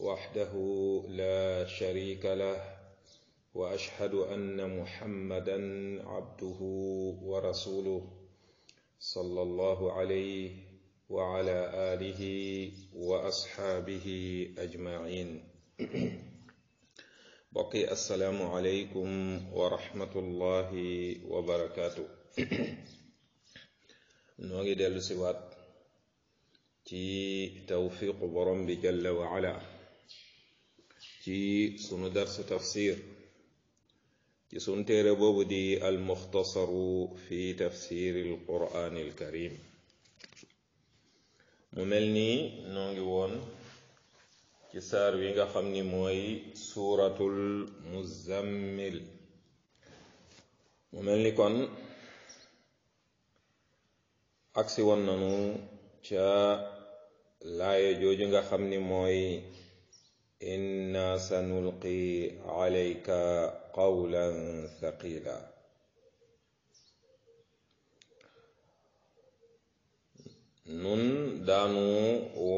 وحده لا شريك له واشهد ان محمدا عبده ورسوله صلى الله عليه وعلى اله واصحابه اجمعين بقي السلام عليكم ورحمه الله وبركاته نوغي دلو سيوات تي توفيق برم جل وعلا ci sunu darsu tafsir ci sunu téere boobu di al muxtasaru fi tafsiri al quraan al mu mel ni noo ngi woon ci saar wi nga xam ni mooy suuratul muzammil mu mel ni kon agsi woon nanu ca laaya jooju nga xam ni mooy in سنلقي عليك قولا ثقيلا نون دانو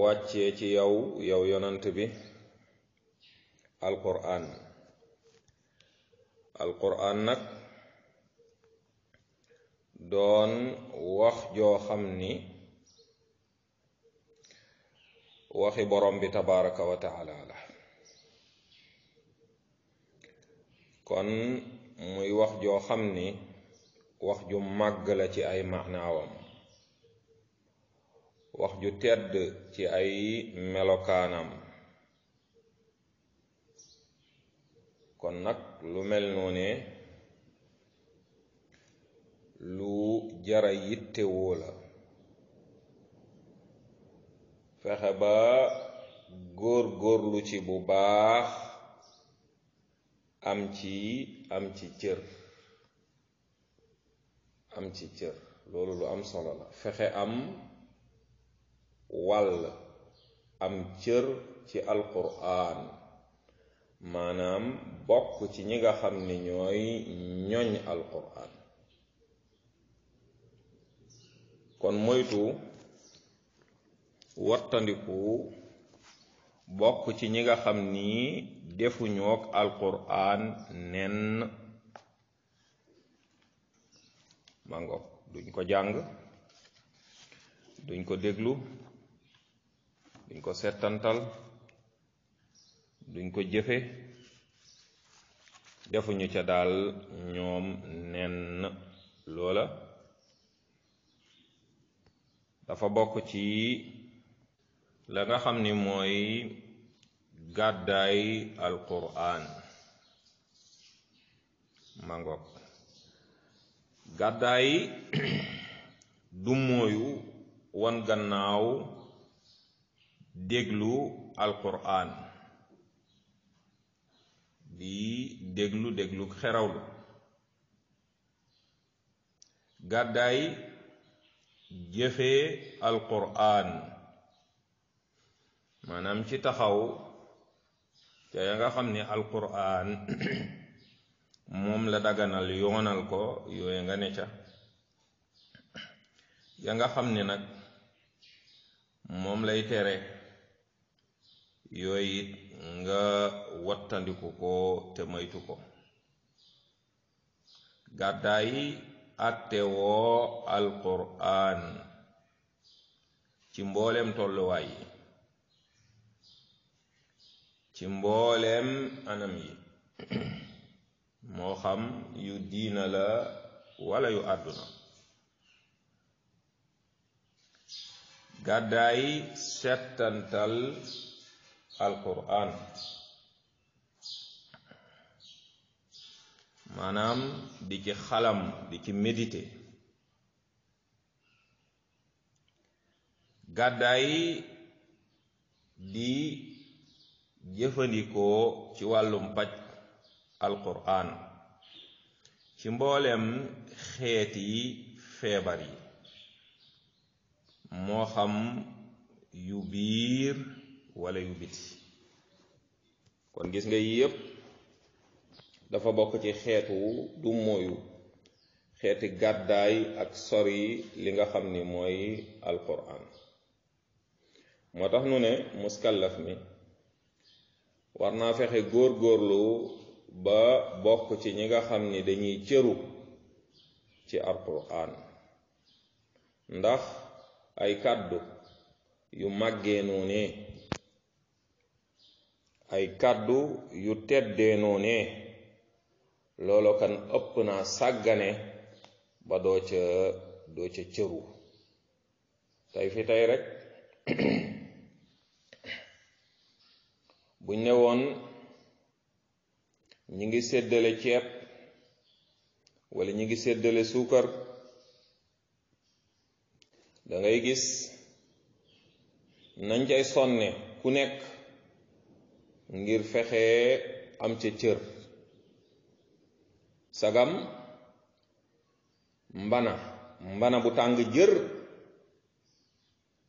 واتيتي يو يو يننتبي القرآن القرآن نك دون واخ خمني واخي برمبي تبارك وتعالى له kon muy wax joo xam ni wax ju màgg la ci ay maanaawam wax ju tedd ci ay melokaanam kon nag lu mel noone lu jara yittewoo la fexe ba góor góorlu ci bu baax am ci am ci cër am ci cër loolu lu am solo la fexe am wàll am cër ci alquran maanaam bokk ci ñi nga xam ne ñooy ñoñ alquran kon moytu wattandiku bokk ci ñi nga xam ni defuñook alquran nen màngo duñ ko jàng duñ ko déglu duñ ko setantal duñ ko jëfe defuñu ca daal ñoom nen loola dafa bokk ci la nga xam ni mooy Al-Quran, mangok Gadai du mooyu wan gannaaw Al-Quran di deglu kheraulu Gadai Jefe Al-Quran, Manam ci taxaw ca nga xam ne alquran moom la daganal yoonal ko yooye nga ne ca ya nga xam ni nag moom lay tere yooyu nga wattandiku ko te moytu ko gàddaay attewoo alquran ci mboolem tolluwaay yi ci mbooleem anam yi moo xam yu diina la walla yu àdduna gàddaay settantal alquran maanaam di ci xalam di ci méditer gàddaay di jëfandikoo ci wàllum paj alquran ci mbooleem xeeti feebar yi moo xam yu biir walla yu biti kon gis nga yii yépp dafa bokk ci xeetu du mooyu xeeti gàddaay ak sori li nga xam ni mooy alquran moo tax nu ne muskallaf mi war naa fexe góor góorlu ba bokk ci ñi nga xam ni dañuy cëru ci alquran ndax ay kàddu yu màggee noonee ay kàddu yu teddee noonee loolo kan ëpp naa sàggane ba doo ca doo ca cëru tey fi tey rek buñ newoon woon ñi ngi séddale ceeb wala ñi ngi séddale suukar da gis nañ cay sonne ku nekk ngir fexe am ca cër sagam mbana mbana bu tàng jër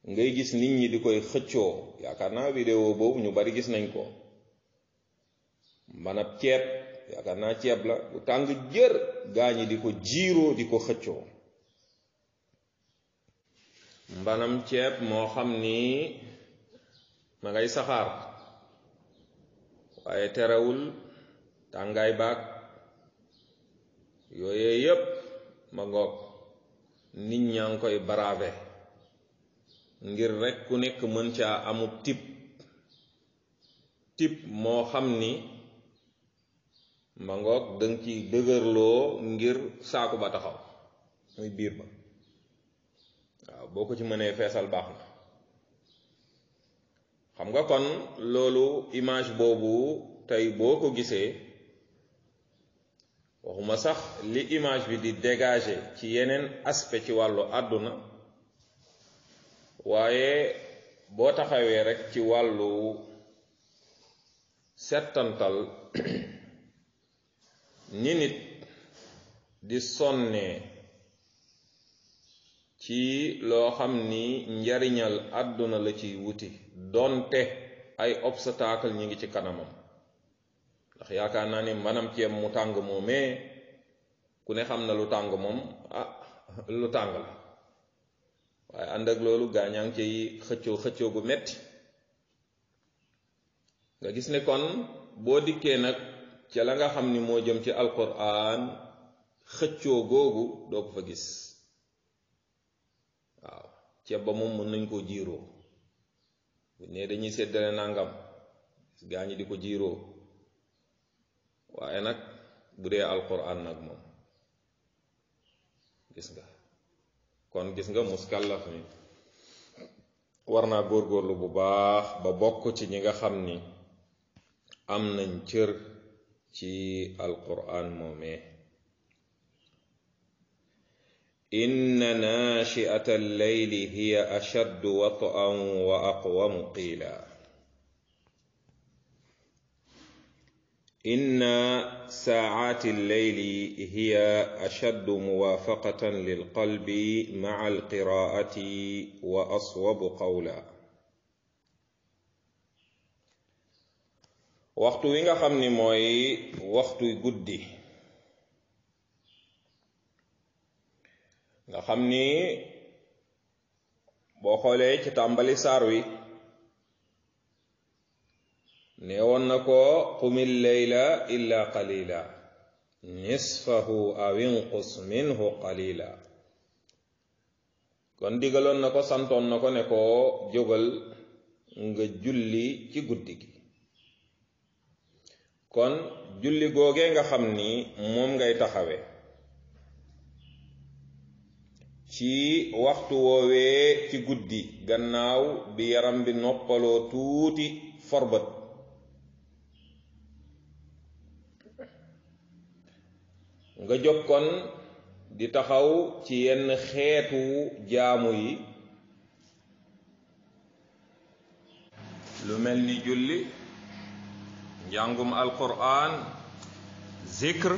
ngay gis nit ñi di koy xëccoo yaakaar naa vidéo boobu ñu bari gis nañ ko manab ceeb yaakaar naa ceeb la bu tàng jër gaa ñi di ko jiiroo di ko xëccoo mbanam ceeb moo xam ni ma ngay saxaar waaye terewul tàngaay baag yooyee yépp ma ngoog nit ñaa ngi koy baraabe ngir rekk ku nekk mën caa amub tip tip moo xam ni ma ngoog danga ci dëgërloo ngir saaku ba taxaw muy biir ba waaw boo ko ci mënee feesal baax na xam nga kon loolu image boobu tey boo ko gisee waxuma sax li image bi di dégager ci yeneen aspect ci wàllu àdduna waaye boo taxawee rek ci wàllu settantal ni nit di sonnee ci loo xam ni njariñal àdduna la ci wuti donte ay obstacle ñi ngi ci kanamam ndax yaakaar naa ni manam ceeb mu tàng moomee ku ne xam na lu tàng moom ah lu tàng la waaye ànd ak loolu gaañaa ngi ciy xëccoo xëccoo gu metti nga gis ne kon boo dikkee nag ca la nga xam ni moo jëm ci alquran xëccoo googu doo ko fa gis waaw ceeb ba moom mën nañ koo jiiroo bu ne dañuy séddale nangam gaa ñi di ko jiiroo waaye nag bu dee alquran nag moom gis nga kon gis nga muskallaf mi war naa góorgóorlu bu baax ba bokk ci ñi nga xam ni am nañ cër ci alquran moomee inna naashi'ata al-layli hiya ashaddu wat'an wa aqwamu qiila إن ساعات الليل هي أشد موافقة للقلب مع القراءة وأصوب قولا وقت وينغا خمني موي وقت يقدي خمني بوخولي تتعمل ساروي ne wonna ko qumillayla illa qalila nisfahu aw inqus minhu qalila kon digalon na ko santon na ko ne ko jogal nga julli ci guddi gi kon julli googee nga xam ni moom ngay taxawe ci waxtu woowee ci guddi gannaaw bi yaram bi noppaloo tuuti forbat nga jokkoon di taxaw ci yenn xeetu jaamu yi lu mel ni julli njàngum alquran zikr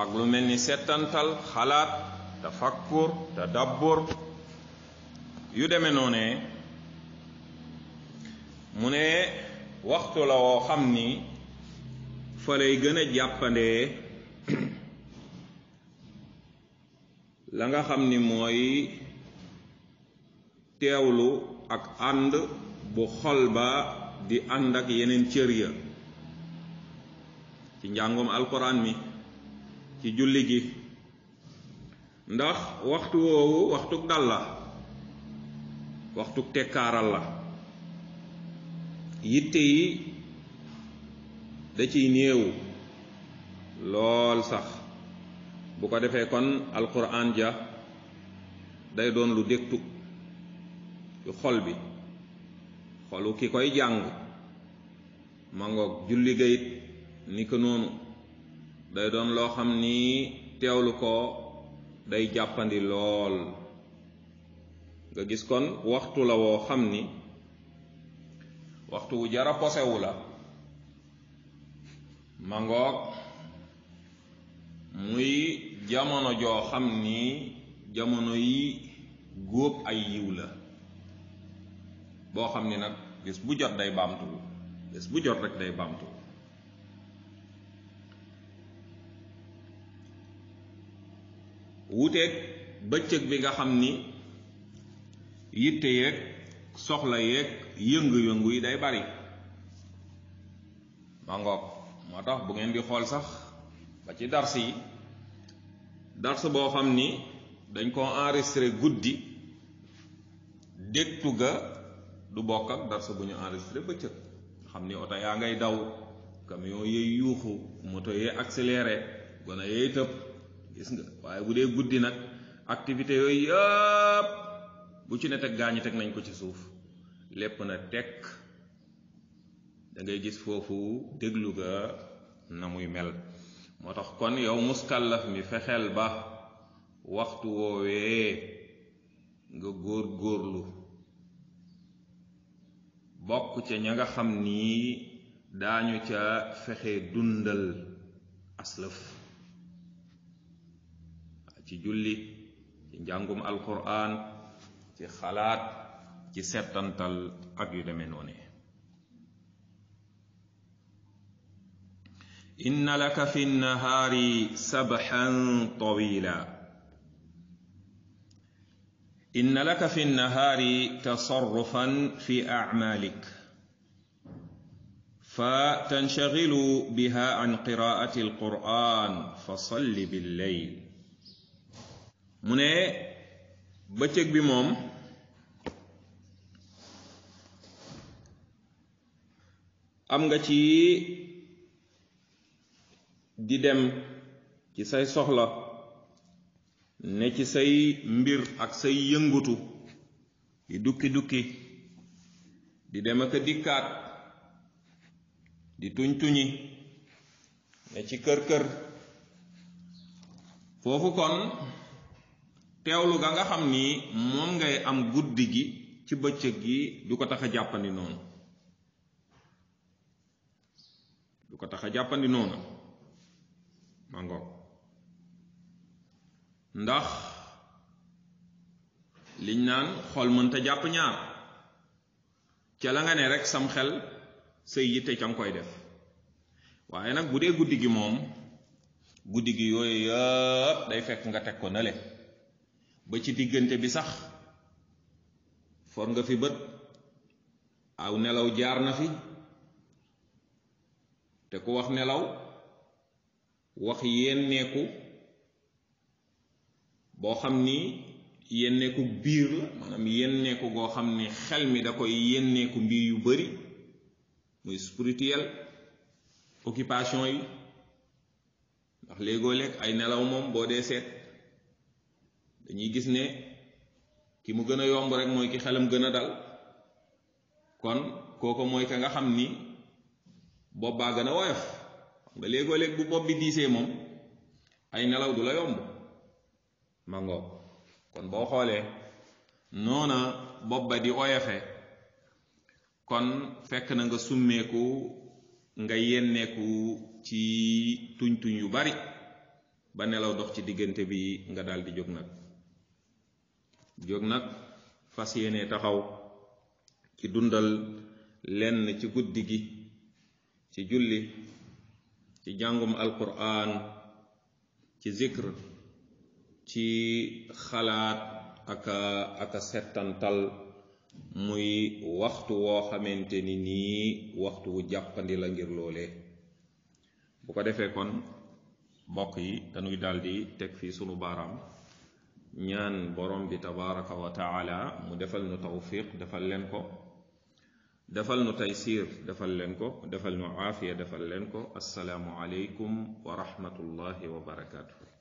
ak lu mel ni settantal xalaat tafakkur tadabbur yu deme noone mu ne waxtu la woo xam ni fa lay gën a jàppandee la nga xam ni mooy teewlu ak ànd bu xol ba di ànd ak yeneen cër ya ci njàngum alquran mi ci julli gi ndax waxtu woowu waxtuk dal la waxtuk tekkaaral la yitte yi da ciy lool sax bu ko defee kon alquran ja day doon lu dégtu ci xol bi xolu ki koy jàng mangoog julli gayit ni ko noonu day doon loo xam ni teewlu ko day jàppandi lool nga gis kon waxtu la woo xam ni waxtu wu jara posewu la muy jamono joo xam ni jamono yi góob ay yiw la boo xam ni nag bés bu jot day baamtu bés bu jot rek day baamtu wuuteeg bëccëg bi nga xam ni yitte yeeg soxla yeeg yëngu-yëngu yi day bari ma moo tax bu ngeen di xool sax ba ci dars yi dars boo xam ni dañ ko enregistré guddi dégtu ga du bokk ak dars bu ñu enregistré bëccëg xam ni oto yaa ngay daw camion yee yuuxu moto yee accéléré gone yee tëb gis nga waaye bu dee guddi nag activité yooyu yëpp bu ci ne teg gaañi teg nañ ko ci suuf lépp na tekk da gis foofu déglu ga na muy mel motax kon yow muskallaf mi fexel ba waxtu wowe nga gor gorlu bokku ci ña nga xam nii daañu ca fexe dundal aslaf ci julli ci njàngum alquran ci khalat ci setantal ak yu demé noné إن لك في النهار سبحا طويلا إن لك في النهار تصرفا في أعمالك فتنشغل بها عن قراءة القرآن فصل بالليل من بتك بموم أمغتي di dem ci say soxla ne ci say mbir ak say yëngutu di dukki dukki di dem ak dikkaat di tuñ tuñi ne ci kër kër foofu kon teewlu ga nga xam ni moom ngay am guddi gi ci bëccëg gi du ko tax a jàppandi noonu du ko tax a jàppandi noonu mango ndax liñ naan xol mënta jàpp ñaar ca la nga ne rek sam xel say yitte ca koy def waaye nag bu dee guddi gi moom guddi day fekk nga teg ko ba ci bi sax for nga fi bët aw nelaw jaar na fi te ku wax nelaw wax yenneeku boo xam ni yenneeku biir la maanaam yenneeku goo xam ne xel mi da koy yenneeku mbir yu bari muy spirituel occupation yi ndax léegoo lekk ay nelaw moom boo dee seet dañuy gis ne ki mu gën a yomb rek mooy ki xelam gën a dal kon kooko mooy ka nga xam ni bopp baa gën a woyof nga léegoo léeg bu bopp bi diisee moom ay nelaw du la yomb ma kon boo xoolee noona bopp ba di oyaxe kon fekk na nga summeeku nga yenneeku ci tuñ tuñ yu bari ba nelaw dox ci diggante bi nga daal di jóg nag jóg nag fas yéene taxaw ci dundal lenn ci guddi gi ci julli ci jàngum alquran ci zikr ci xalaat aka aka settantal muy waxtu woo xamante ni nii waxtu wu jàppandi la ngir loole bu ko defee kon mbokk yi dañuy daldi teg fii sunu baaraam ñaan borom bi tabaraka wa taala mu defal nu tawfiq defal leen ko دفل تيسير دفل لنكو دفل عافية دفل لنكو السلام عليكم ورحمة الله وبركاته